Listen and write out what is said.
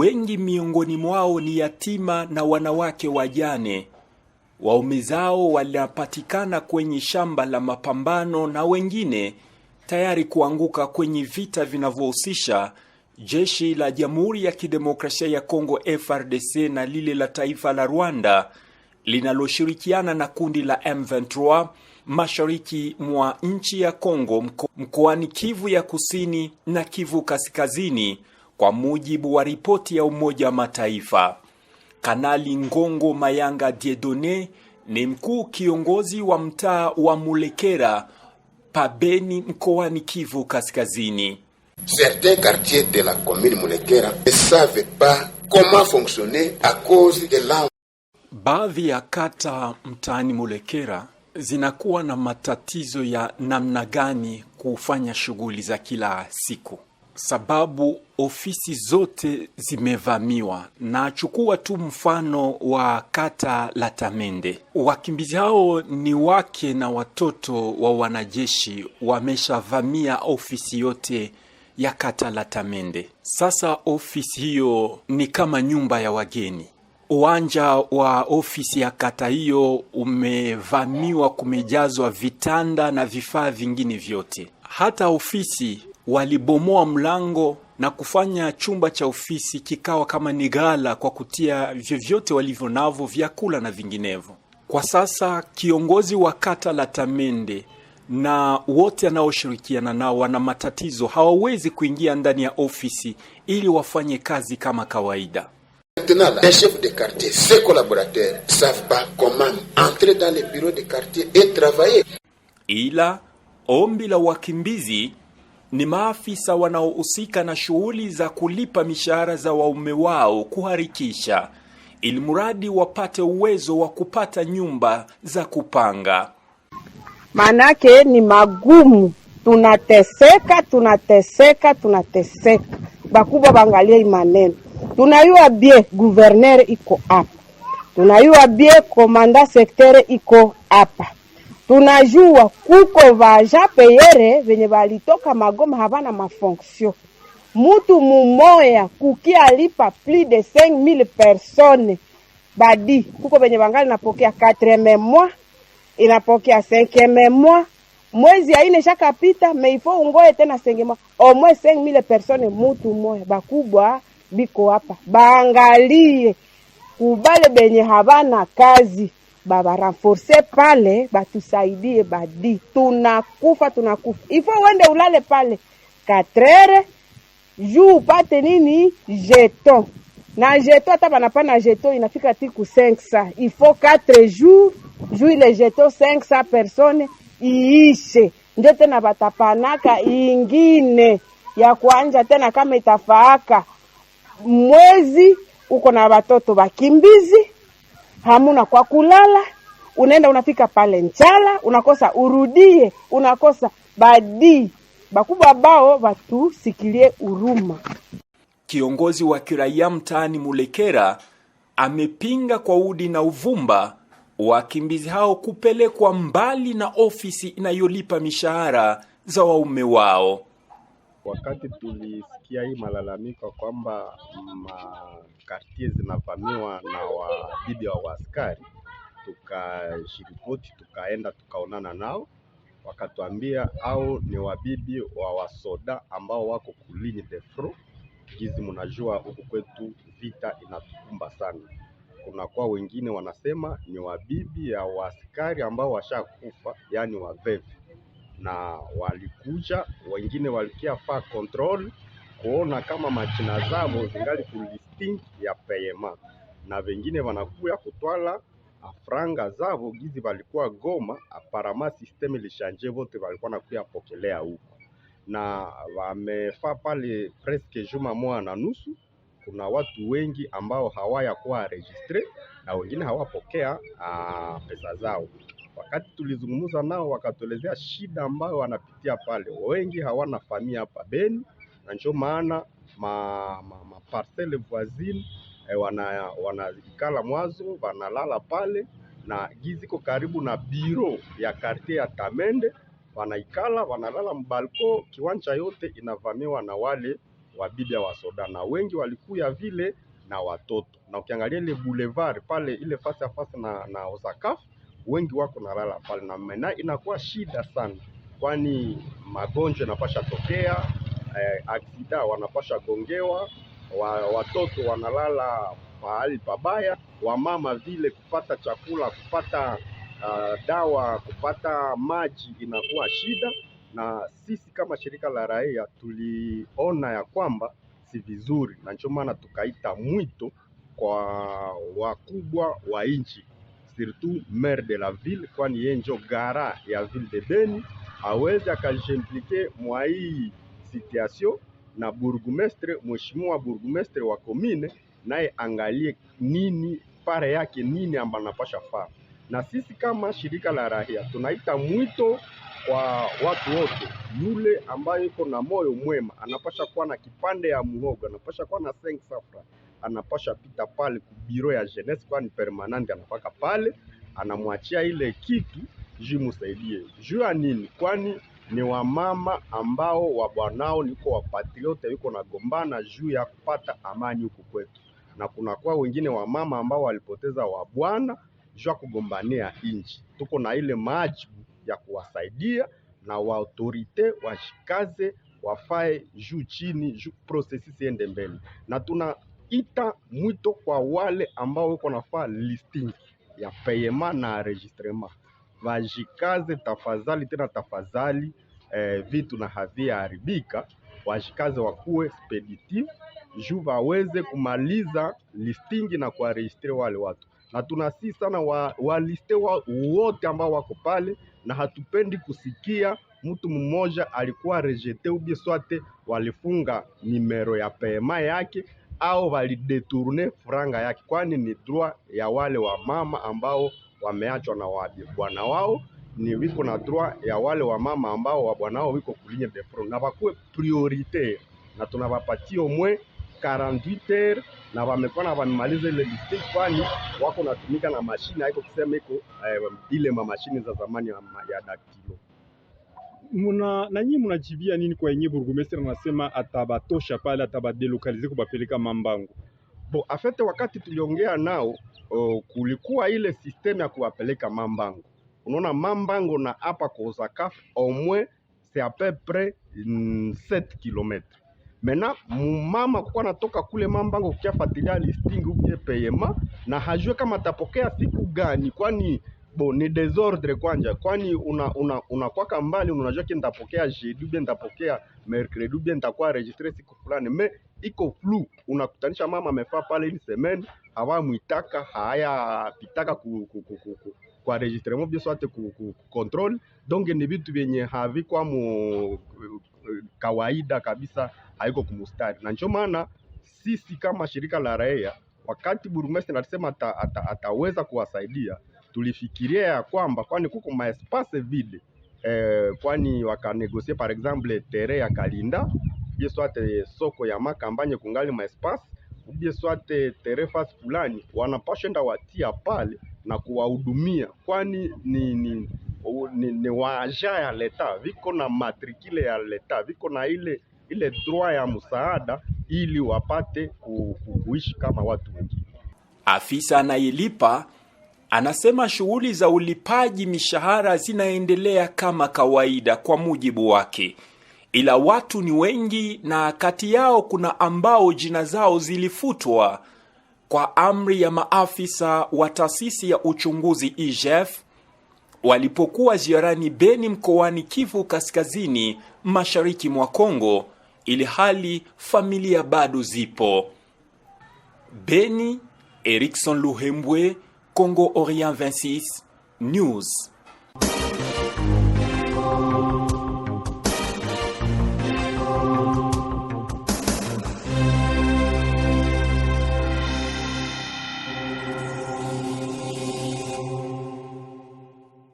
Wengi miongoni mwao ni yatima na wanawake wajane. Waumizao wanapatikana kwenye shamba la mapambano na wengine tayari kuanguka kwenye vita vinavyohusisha jeshi la Jamhuri ya Kidemokrasia ya Kongo FRDC na lile la taifa la Rwanda linaloshirikiana na kundi la M23 mashariki mwa nchi ya Kongo mkoani Kivu ya Kusini na Kivu Kaskazini kwa mujibu wa ripoti ya Umoja wa Mataifa. Kanali Ngongo Mayanga Diedone ni mkuu kiongozi wa mtaa wa Mulekera pabeni mkoani Kivu Kaskazini. Certains quartiers de la commune Mulekera ne savent pas comment fonctionner cause de la baadhi ya kata mtaani Mulekera zinakuwa na matatizo ya namna gani kufanya shughuli za kila siku sababu ofisi zote zimevamiwa. Nachukua tu mfano wa kata la Tamende. Wakimbizi hao ni wake na watoto wa wanajeshi, wameshavamia ofisi yote ya kata la Tamende. Sasa ofisi hiyo ni kama nyumba ya wageni. Uwanja wa ofisi ya kata hiyo umevamiwa, kumejazwa vitanda na vifaa vingine vyote. Hata ofisi walibomoa mlango na kufanya chumba cha ofisi kikawa kama ni ghala kwa kutia vyovyote walivyo navyo, vyakula na vinginevyo. Kwa sasa kiongozi wa kata la Tamende na wote anaoshirikiana nao wana matatizo, hawawezi kuingia ndani ya ofisi ili wafanye kazi kama kawaida. Les chefs de quartier, ses collaborateurs savent pas comment entrer dans les bureaux de quartier et travailler. Ila ombi la wakimbizi ni maafisa wanaohusika na shughuli za kulipa mishahara za waume wao kuharikisha ili mradi wapate uwezo wa kupata nyumba za kupanga. Maanake ni magumu, tunateseka tunateseka tunateseka. Bakubwa bangalie maneno, tunayua bie guverner iko hapa, tunayua bie komanda sektere iko hapa tunajua kuko vajapeyere venye valitoka Magoma havana mafonksio. Mutu mumoya kukialipa plus de 5000 personnes, badi kuko venye vangali napokea 4 mois inapokea 5 mois mwezi aine shaka pita meifo ungoe tena sengema omwe 5000 persone mutu moya. Bakubwa biko hapa baangalie kubale benye havana kazi bavaranforce pale batusaidie, badi tunakufa tunakufa, ifo wende ulale pale katrere ju upate nini jeton na jeton, hata na jeton inafika tiku 500 ifo 4 jours ju ile jeton 500 persone iishe, ndio tena batapanaka ingine ya kuanja tena, kama itafaaka mwezi uko na batoto bakimbizi hamuna kwa kulala, unaenda unafika pale njala, unakosa urudie, unakosa badii. Bakubwa bao watusikilie uruma. Kiongozi wa kiraia mtaani Mulekera amepinga kwa udi na uvumba wakimbizi hao kupelekwa mbali na ofisi inayolipa mishahara za waume wao wakati tulisikia hii malalamiko kwamba makartie zinavamiwa na wabibi wa waaskari, tukashiripoti, tukaenda tukaonana nao, wakatuambia au ni wabibi wa wasoda ambao wako kulini de fro. Gizi, mnajua huku kwetu vita inatukumba sana. kuna kwa wengine wanasema ni wabibi ya waskari ambao washakufa, yaani wavevi na walikuja wengine, walikia fa control kuona kama machina zabo zingali ku listing ya payema, na vengine wanakuya kutwala afranga zabo gizi walikuwa Goma. Aparama system ilishanje, vote walikuwa nakuya pokelea huko, na wamefa pale preske juma moja na nusu. Kuna watu wengi ambao hawaya kuwa registre na wengine hawapokea ah, pesa zao. Wakati tulizungumza nao, wakatuelezea shida ambayo wanapitia pale. Wengi hawana famia hapa Beni, na ndio maana ma, ma, ma parcelle voisine eh, wana wanaikala mwazo wanalala pale, na gizi iko karibu na biro ya quartier ya Kamende, wanaikala wanalala mbalko. Kiwanja yote inavamiwa na wale wabibi wa soda, na wengi walikuya vile na watoto, na ukiangalia ile boulevard pale ile fasi ya fasi na, na Osakafu wengi wako nalala pale, na na inakuwa shida sana, kwani magonjwa yanapasha tokea eh, aksida wanapasha gongewa wa, watoto wanalala pahali pabaya, wamama vile kupata chakula, kupata uh, dawa, kupata maji inakuwa shida. Na sisi kama shirika la raia tuliona ya kwamba si vizuri, na ndio maana tukaita mwito kwa wakubwa wa nchi surtout maire de la ville, kwani yeye ndio gara ya ville de Beni, aweze akajimplike mwa hii situation, na burgumestre, mheshimiwa burgumestre wa komine naye angalie nini pare yake nini amba napasha faa. Na sisi kama shirika la raia tunaita mwito kwa watu wote, yule ambayo iko na moyo mwema anapasha kuwa na kipande ya muhogo, anapasha kuwa na seng safra anapasha pita pale ku biro ya jeunesse, kwani permanente anapaka pale, anamwachia ile kitu juu musaidie juu ya nini? Kwani ni wamama ambao wabwanao niko wapatriote yuko nagombana juu ya kupata amani huku kwetu, na kunakuwa wengine wamama ambao walipoteza wabwana juu ya kugombania inchi. Tuko na ile majibu ya kuwasaidia na waautorite washikaze wafae juu chini juu prosesi iende mbele na tuna ita mwito kwa wale ambao weko nafaa listing ya payema na enregistrement vajikaze tafadhali, tena tafadhali. Eh, vitu na havia haribika, wajikaze wakuwe speditive juu waweze kumaliza listingi na kuwaregistre wale watu, na tunasi sana wa, waliste wa, wote ambao wako pale, na hatupendi kusikia mtu mmoja alikuwa rejete ubie swate walifunga nimero ya pema yake au walidetourne franga yake, kwani ni droit ya wale wa mama ambao wameachwa na wabi bwana wao, ni wiko na droit ya wale wa mama ambao wa bwana wao wiko kulinye de front, na wakuwe prioritaire, na tunawapatia mwe 48 heures na wamekuwa na wamemaliza ile mistake, kwani wako natumika na mashine haiko kusema iko eh, ile mashine za zamani ya daktilo muna nanyi munajibia nini kwa yenye burgomestre anasema atabatosha pale, atabadelokalize kubapeleka Mambango? Bo, afete wakati tuliongea nao o, kulikuwa ile system ya kuwapeleka Mambango. Unaona Mambango na hapa Kozakaf au omwe c'est à peu près 7 km. Mena mumama kuko natoka kule Mambango kukiafatilia listing upye peyema na hajue kama atapokea siku gani, kwani bo ni desordre kwanja, kwani unakwaka una, una mbali unajua ki nitapokea jeudi bien nitapokea mercredi bien nitakuwa registre siku fulani, me iko flu, unakutanisha mama amefaa pale ili semeni hawamwitaka haya pitaka ku, ku, ku, ku, ku kwa registrement bien soit ku, ku, ku control donc ni vitu vyenye havikuwa mu kawaida kabisa, haiko kumustari, na ndio maana sisi kama shirika la raia wakati burumestre alisema ataweza ata, kuwasaidia tulifikiria ya kwamba kwani kuko maespase vide eh, kwani wakanegosie par exemple tere ya Kalinda bie swate soko ya Makambanye kungali maespase ubie swate tere fasi fulani, wanapashenda watia pale na kuwahudumia, kwani ni, ni ni, ni waaja ya leta viko na matrikile ya leta viko na ile ile droit ya msaada ili wapate kuishi kama watu wengine. Afisa anayelipa Anasema shughuli za ulipaji mishahara zinaendelea kama kawaida kwa mujibu wake, ila watu ni wengi na kati yao kuna ambao jina zao zilifutwa kwa amri ya maafisa wa taasisi ya uchunguzi IGF e walipokuwa ziarani Beni mkoani Kivu Kaskazini, mashariki mwa congo ili hali familia bado zipo Beni. Erikson Luhembwe, Congo Orient 26 News.